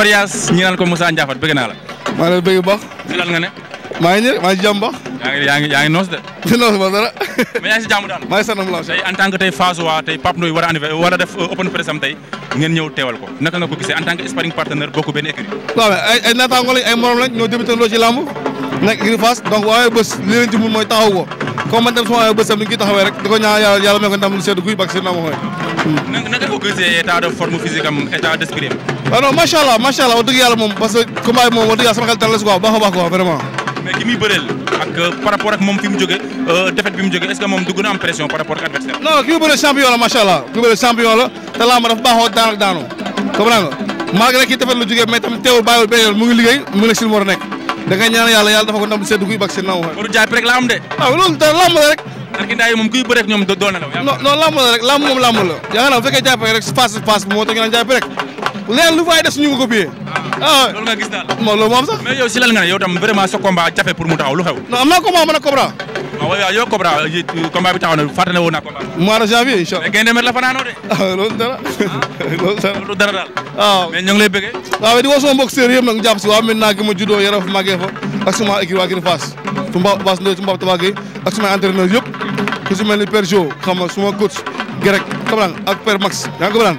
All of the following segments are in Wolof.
Coriace ñu naan ko Moussa Ndiaphate bëgg naa la. maa ngi lay bëgg bu baax. si lan nga ne. maa ngi nii maa ngi jàmm baax. yaa ngi yaa ngi noos de. si noos ba dara. mais yaa ngi si jàmm daal. maa ngi sant la tey en tant que tey Fass waa tey Pape Ndoye war a anniversaire war a def euh, open press am tey ngeen ñëw teewal ko naka nga ko gisee en tant que sparring partenaire bokk benn écurie. waaw mais ay naataango lañ ay morom lañ ñoo débuté loo ci làmb nekk écurie Fass donc waaye bés li leen ci mun mooy taxaw ko comme man tam su ma waayee bés am ni ngi taxawee rek di ko ñaan yàlla yàlla may ko ndam lu sedd guy bak si naa ma xooy. naka nga ko gisee état de forme physique am état d'esprit am waaw ah non macha allah macha allah wax dëgg yàlla moom parce que combat bi moom wax sama xel dal la si quoi baax a ki muy bëreel ak euh, par ak moom fi mu jógee euh, défaite bi mu jógee est ce que moom dugg pression par rapport ak adversaire. non ki muy bëreel champion la macha allah ma dafa baaxoo daan ak daanu comprends nga malgré kii défaite la jógee mais tam teewul bàyyiwul benn mu ngi mu ngi lu mu war a ñaan yàlla yàlla dafa ko ndam seddu guy bak si naw jaay leer lu fay des ñu nga ko biyee. Ah, ah loolu nga gis daal. moom loolu moom sax. mais yow si lan nga ne yow tam vraiment sa combat jafe pour mu taxaw lu xew. non am naa combat man ak Cobra. Ah, yow Cobra combat bi taxaw na fàttali ne woon naa combat. mois de janvier incha allah. mais gaynde met la fanaanoo de. ah, ah. loolu dara. loolu dara loolu dara di woo sama mbokk séeréer yëpp nag jàpp si waa maintenant gi ma juddoo yaroo fa màggee fa ak sama équipe waa Giri Fass su Mbaw Bass Ndoye su Mbaw ak sumay entraîneurs yëpp suma coach Greg xam ak Père Max yaa ngi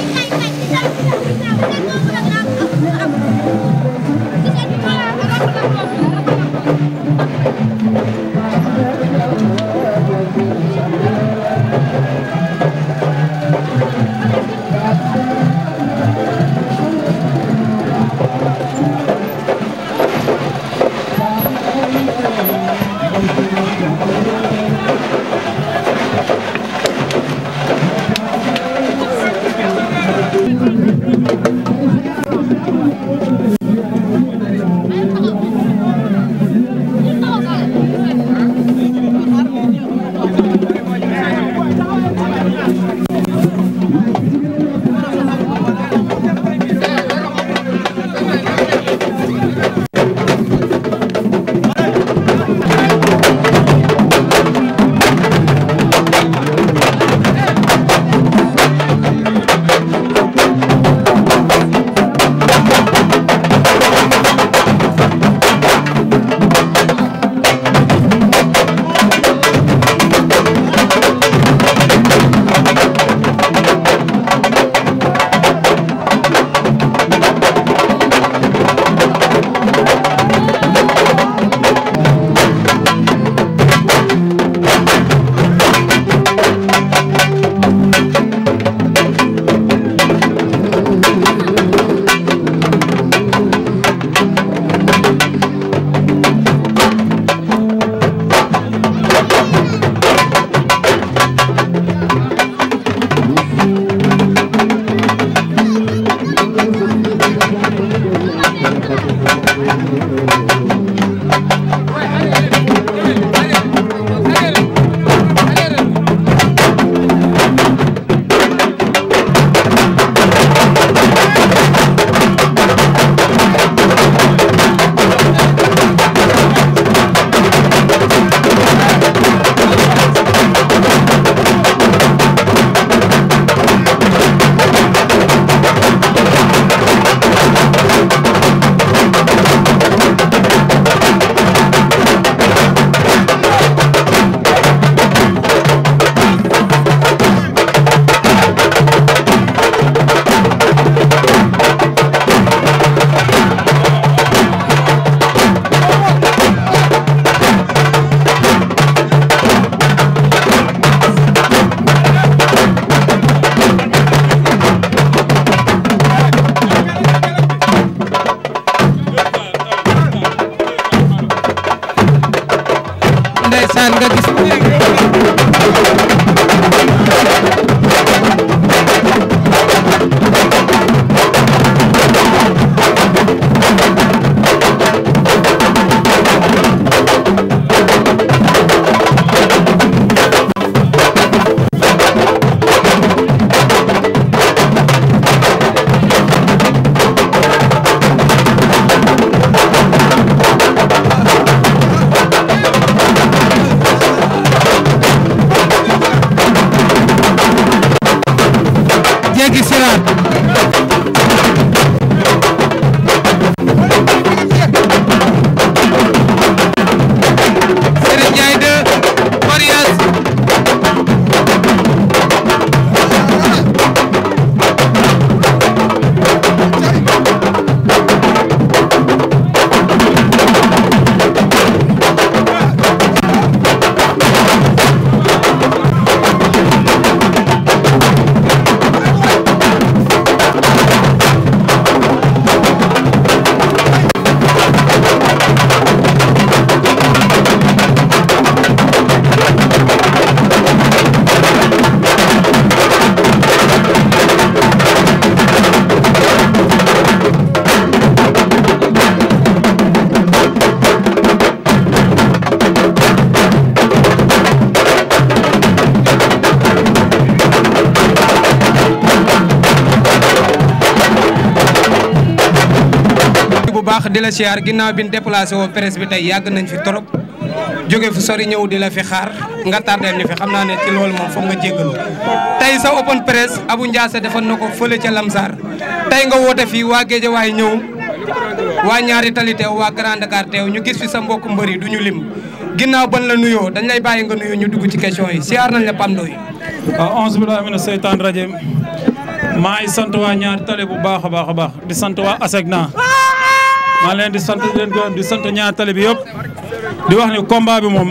Siraat baax di la siyaar ginnaaw bi ñu déplacé woo presse bi tey yàgg nañ fi trop jóge fu sori ñëw di la fi xaar nga tardeel ñu fi xam naa ne ci loolu moom foog nga jéggalu tey sa open presse Abou Ndiassé defoon na ko fële ca Lamsar tey nga woote fii waa Géejawaay ñëw waa ñaari tali teew waa Grand Dakar teew ñu gis fi sa mbokk mbër yi du ñu lim ginnaaw ban la nuyoo dañ lay bàyyi nga nuyoo ñu dugg ci question yi siyaar nañ la Pape Ndoye waaw ah, onze billahi maa ngi sant waa baax a baax maa leen di sant di leen gërëm di sant ñaar tali bi yëpp di wax ni combat bi moom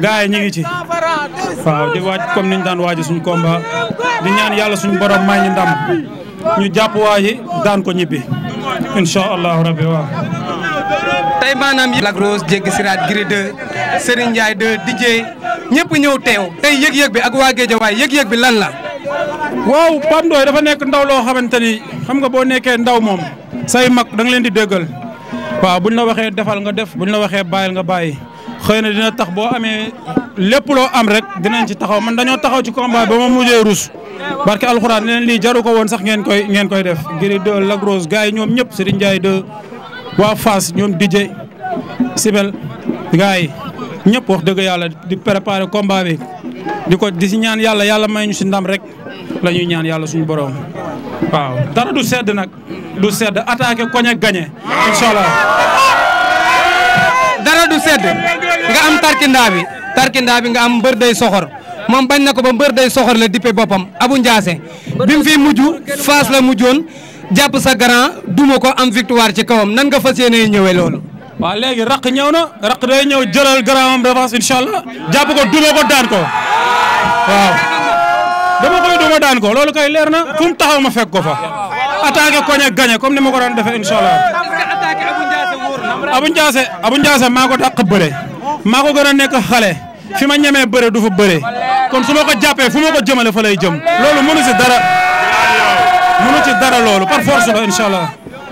gars yi ñu ngi ci waaw di waaj comme niñ daan waaji suñu combat di ñaan yàlla suñu borom may ñu ndam ñu jàpp waaji daan ko ñibbi incha allahu rabbi waaw tey maanaam Lac Rose jéggi siraat Gris 2 Serigne Ndiaye 2 DJ ñëw teew tey yëg-yëg bi ak waa Guédiawaye yëg-yëg bi lan la waaw Pape Ndoye dafa nekk ndaw loo xamante ni xam nga boo nekkee ndaw moom say mag da nga leen di dëggal waaw bu buñ la waxee defal nga def buñ la waxee bàyyil nga bàyyi xëy na dina tax boo amee lépp loo am rek dinañ ci taxaw man dañoo taxaw ci combat ba ma mujjee rus barke alxuraan leen lii jaru ko woon sax ngeen koy ngeen koy def ngir de lagrose gars yi ñoom ñëpp Serigne Ndiaye de waa Fass ñoom DJ Sibel gars yi ñëpp wax dëgg yàlla di préparer combat bi di ko di si ñaan yàlla yàlla may ñu si ndam rek la ñuy ñaan yàlla suñu boroom waaw dara du sedd nag du sedd attaqué koñ ak gagné incha allah. dara du sedd nga am tarkindaa bi tarkindaa bi nga am mbër day soxor moom bañ na ko ba mbër day soxor la dippe boppam abu Ndiassé bi mu fi mujj Fass la mujjoon jàpp sa grand duma ko am victoire ci kawam nan nga fas yéenee ñëwee loolu. waaw léegi raq ñëw na raq day ñëw jëlal grand am revanche incha allah jàpp ko duma ko daan ko waaw. dama koy duma daan ko loolu kay leer na fu mu taxaw ma fekk ko fa attaqué koñe gagné comme ni ma ko doon defee incha allah. Abou Ndiassé Abou Ndiassé maa ko dàq gën a nekk xale fi ma ñemee bëre du fa bëre kon su ma ko jàppee fu ma ko jëmale fa lay jëm loolu mënu ci dara mënu ci dara loolu par force la incha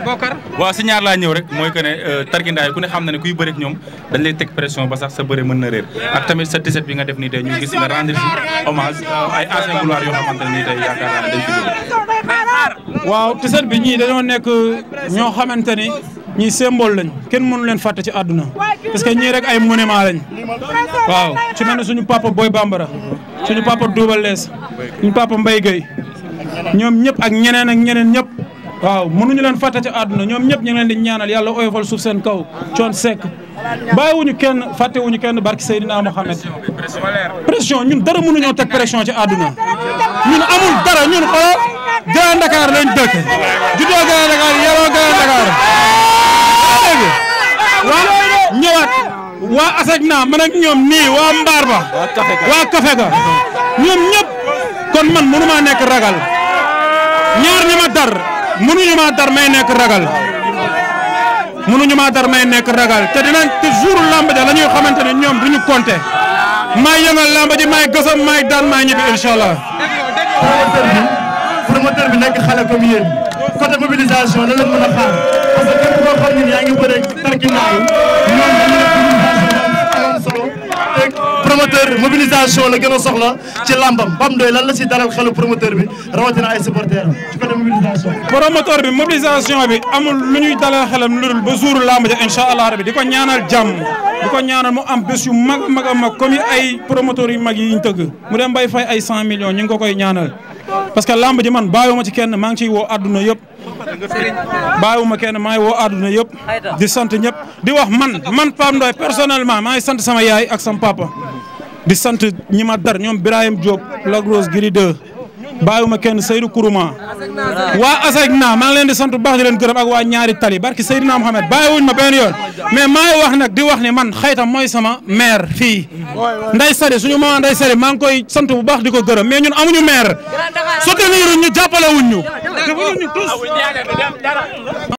Bokar waaw si ñaar laa ñëw rek mooy que ne euh, tarkindaa yi ku ne xam na ne kuy bëri ak ñoom dañ lay teg pression ba sax sa bëre mën na réer ak tamit sa 17 bi nga def nii tey ñu gis nga rendre si hommage euh, ay ancien yoo xamante ne nii tey waaw 17 bi ñii dañoo nekk ñoo xamante ni ñii symbole lañ kenn mënu leen fàtte ci àdduna parce que ñii rek ay monument lañ waaw ci mel ne suñu papa Boy Bambara suñu papa Double Less suñu papa Mbaye Gueye ñoom ñëpp ak ñeneen ak ñeneen ñëpp waaw ñu leen fàtte ci àdduna ñoom ñëpp ñu ngi leen di ñaanal yàlla oyofal suuf seen kaw coon sekk bàyyiwuñu kenn fàttewuñu kenn barki Seydina Mohamed pression ñun dara mënuñoo teg pression ci àdduna ñun amul dara ñun xoolal oh, Grand Dakar lañ dëkk juddoo Grand Dakar yaroo Grand Dakar waa ñëwaat waa ASECNA man ak ñoom nii waa Mbar ba waa Kafe ñoom ñëpp kon man mënu maa nekk ragal ñaar ñi dar mënuñu maa dar may nekk ragal mënuñu maa nekk ragal te dinañ te jour lamb ja ñuy xamante ne ñoom bu ñu compter may yëngal lamb ji may gasam may daan may ñibbi incha allah. promoteur bi nekk xale comme yéen côté mobilisation lan promoteur mobilisation a soxla ci bi rawatina ay supporters am ci côté mobilisation. bi amul lu ñuy dalal xelam lu dul ba jour làmb ja incha allah rabi di ko ñaanal jàmm di ko ñaanal mu am bés yu mag a a mag comme ay promoteurs yu mag yi ñu tëgg mu dem bay fay ay 100 millions ñu ngi ko koy ñaanal. parce que làmb ji man bàyyiwuma ci kenn maa ngi woo àdduna yëpp bàyyiwuma kenn maa ngi woo àdduna yëpp di sant ñëpp di wax man man Pape Ndoye personnellement maa sant sama yaay ak sama papa di sant ñi ma dar ñoom Birahim Diop Lagros Giri 2 bàyyiwuma kenn Seydou Kourouma waa ASECNA maa ngi leen di sant bu baax di leen gërëm ak waa ñaari tali barki Seydina Mohamed bàyyiwuñ ma benn yoon mais maay wax nag di wax ne man xaytam mooy sama maire fii nday sari suñu maman nday sari maa ngi koy sant bu baax di ko gërëm mais ñun amuñu maire soutenir ñu jàppale wuñ ñu defuñu ñu tous